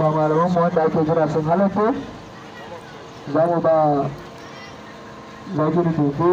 ba malaman mu wanda ake jira sun halatta za mu ba zagiru doke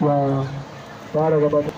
ya fara gabatar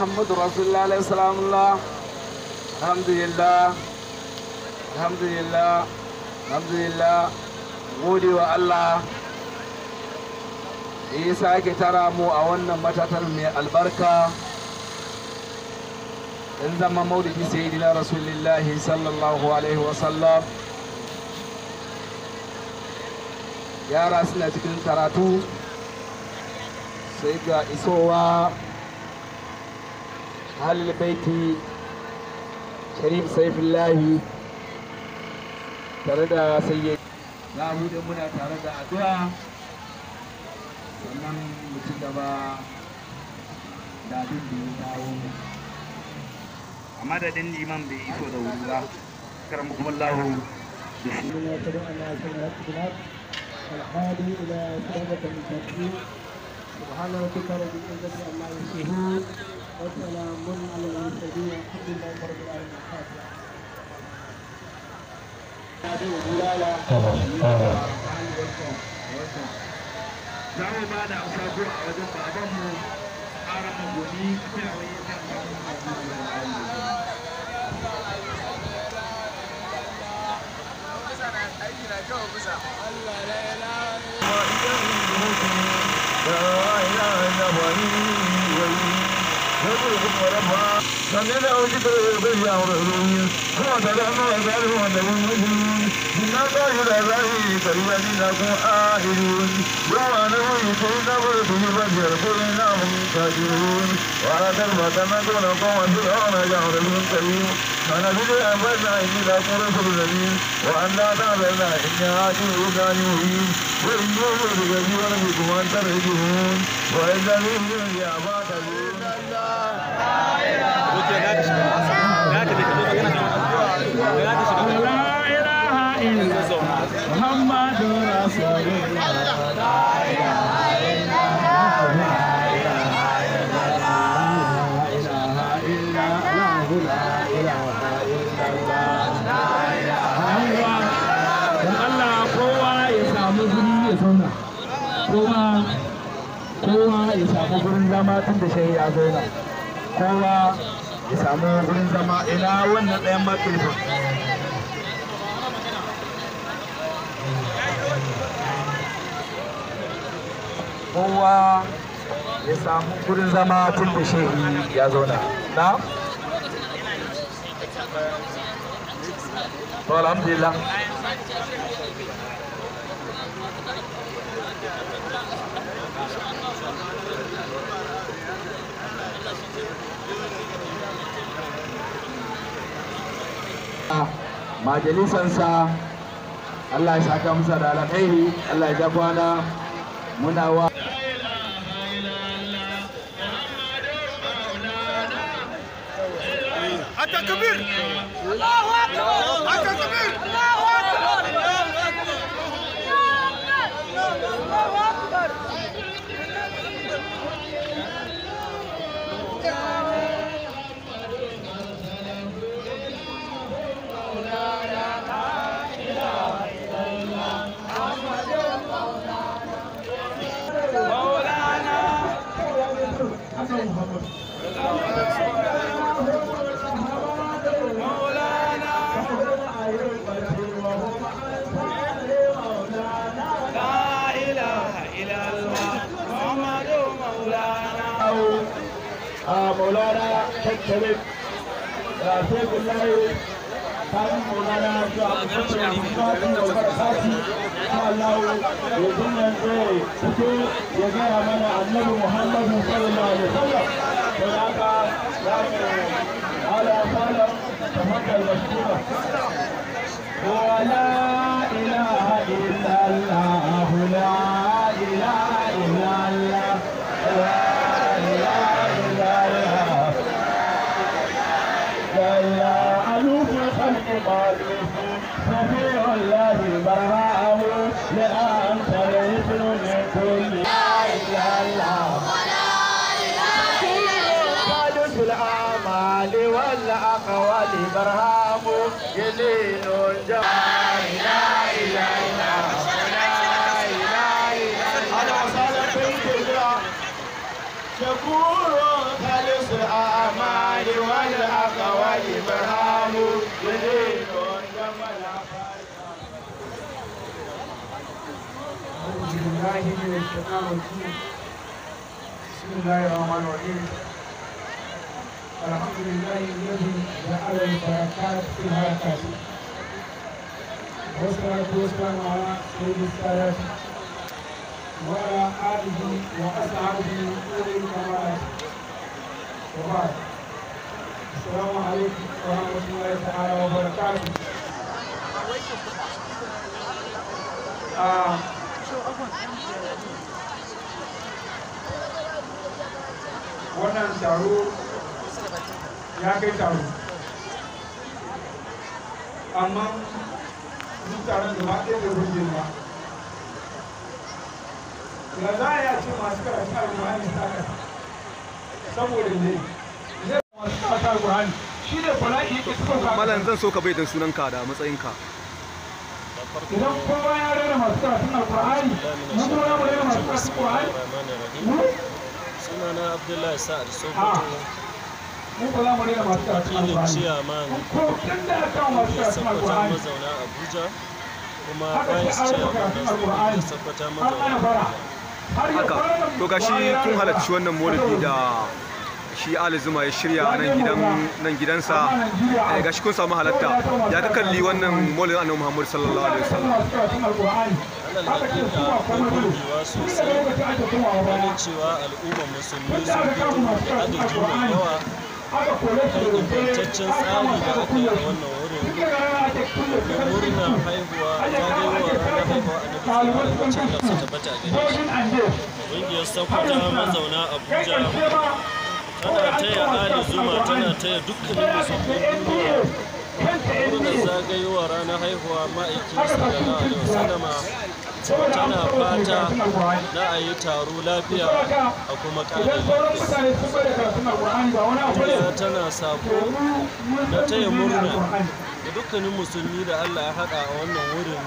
محمد رسول الله عليه السلام الله الحمد لله الحمد لله الحمد لله gode wa Allah ya sake tara mu a wannan matatar mai albarka in zama maulidi dina rasulillahi sallallahu alaihi wasallam yara suna cikin karatu sai ga isowa ahalil baiti sharif saifullahi tare da sayyid za mu da muna tare da addu'a sannan mu ci gaba da abin da ya dawo da madadin liman bai iso da wuri ba karamukum allahu da shi الحادي إلى صراط المستقيم سبحان ربك رب العزة عما يصفون وسلام على المرسلين والحمد ba da sako a wajen babanmu ƙara magoni kyawawa ya kan samu aiki na 我来把，当年的往事 zauna kowa kowa ya samu gurin zama tun da shi ya zauna kowa ya samu gurin zama ina wannan ɗayan makarfin kowa ya samu gurin zama tun da shehi ya zauna na? to alhamdulillah majalisansa Allah ya saka musa da alkhairi Allah ya ja kwana muna wa Allahu akbar اكبر التكبير مولانا شيخ شبيب شيخ الله كان مولانا وبركاته الله يدل زي فتو يجي من النبي محمد صلى الله عليه وسلم هناك على سالم تفضل مشكورا ولا الأرهاب جنين جمال شكور خلص الآمال والحق والإبهام جليل جمال أعوذ بالله من الشيطان الرجيم بسم الله الرحمن الرحيم الحمد لله الذي جعل البركات في الحركات والصلاة والسلام على سيد السادات وعلى آله وأصحابه أولي الكمالات وبعد السلام عليكم ورحمة الله تعالى وبركاته آه. wannan taro ya kai taro amma duk taron gaba ɗaya bai burge ba ya za a ce masu karatun alƙur'ani su haka saboda ne zai masu karatu karatun alƙur'ani shi ne bala'i yake suka sa malam zan so ka bai da sunan ka da matsayin ka idan kowa ya rera masu karatun alƙur'ani mun zo na mu rera masu karatun alƙur'ani sunana abdullahi sa'ad sokoto ah. ihun ciyaman kungiyar masu karatun abuja kuma vice ciyaman na kungiyar har mazauna abuja haka to gashi kun halarci wannan maulidi da shi ali zuma ya shirya a nan gidansa eh, ga shi kun samu halatta ya ka kalli wannan molin annabi muhammad sallallahu alaihi wasallam alal sosai ganin cewa al'ummar musulmi sun fito da adadi mai yawa ingantaccen tsari da aka yi a wannan wurin da murna haihuwa ta zagayowar ranar haihuwa a nabi lokacin da su tabbata gare shi ƙungiyar sakwata mazauna abuja tana taya ali zuma tana taya dukkanin musulmin duniya murnar zagayowar ranar haihuwa ma'aikin sallallahu tana fata na a yi taro lafiya a kuma ƙarfi tana sako da taya murna da dukkanin musulmi da allah ya haɗa a wannan wurin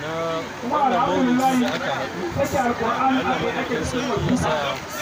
na wannan da aka haɗu allah maɗaukin sa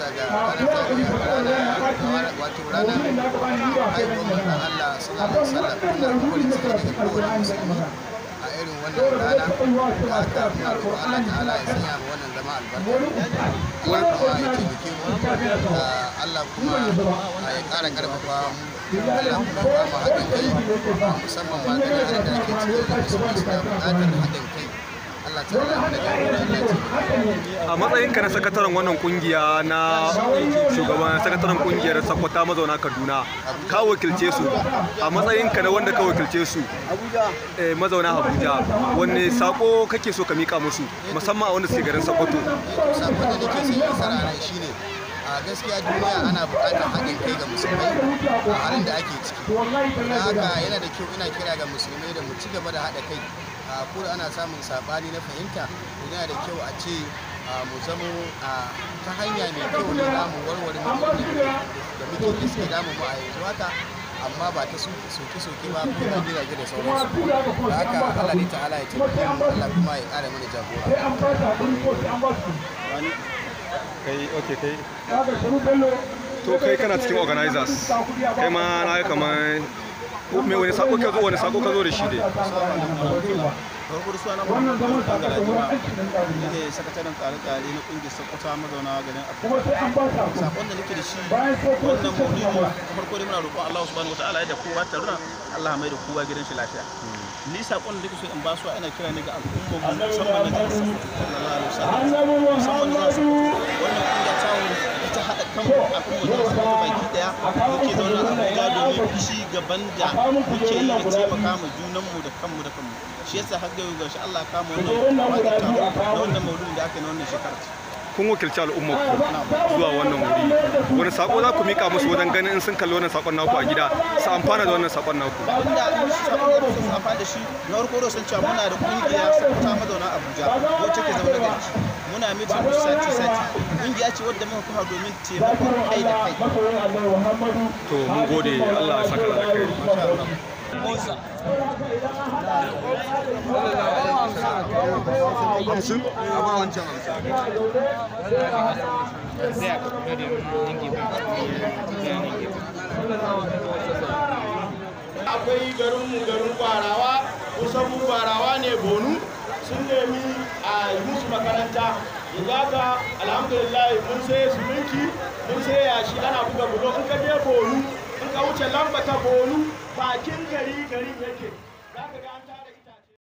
bisa ga wato ranar haihuwar manzon Allah sallallahu alaihi wasallam Allah kuma da cikin kowane musulmi a irin wannan rana da aka faro Allah ta'ala ya sanya mu wannan zama albarka Allah kuma ya taimake mu Allah kuma ya ƙara ƙarfafa mu Allah musamman ma da da ake cikin da buƙatar haɗin kai a matsayin ka na sakataren wannan kungiya na shugaban sakataren kungiyar sakwata mazauna kaduna ka wakilce su a matsayin ka na wanda ka wakilce su eh, mazauna abuja wanne sako kake so ka mika musu musamman a wanda suke garin sakwato a gaskiya duniya ana buƙatar haɗin kai ga musulmai a halin da ake ciki haka yana da kyau ina kira ga musulmai da mu ci gaba da haɗa kai ko da ana samun sabani na fahimta yana da kyau a ce mu zamo ta hanya mai kyau ne za mu warware matsaloli da muke da suke damu mu a yanzu haka amma ba ta soke-soke ba ko ta gida da sauransu da haka Allah ne ta'ala ya taimake mu Allah kuma ya ƙara mana jagora kai okay kai to kai kana cikin organizers kai ma na kamar me wani sako ka zo wani sako ka zo da shi dai farko suna na sakataren tsare-tsare na kungiyar mazauna garin afirka sakon da nake da shi wannan maulidi farko dai muna roƙon allah subhanahu wataala ya da kowa allah mai da kowa gidan shi lafiya ni sakon da nake so in ba su ina kira ne ga al'umma musamman na wannan ta kan al'umma ƙasa muke zaune a Abuja domin ci gaban da muke yi na taimaka ma junanmu da kanmu da kanmu shi yasa har da yau gashi Allah ya kama wannan wata taro na wannan mauludin da aka yi na wannan kun wakilci al'umma ku zuwa wannan wuri wani sako za ku mika musu wajen ganin in sun kalli wannan sakon naku a gida su amfana da wannan sakon naku abinda sakon da su amfana da shi na farko da sun cewa muna da kungiya ta mazauna Abuja wacce ke zaune gari muna mitin sati sati kungiya ce wadda muka kuma domin taimakon kai da kai to mun gode Allah ya saka da kai akwai garinmu garin kwarawa kusan mu kwarawa ne bonu sun nemi a yi musu makaranta yanzu haka alhamdulillah mun sai su minki mun sai yashi ana buga bulo in ka je bonu ka wuce lambata bolu bakin gari gari yake za ka ga an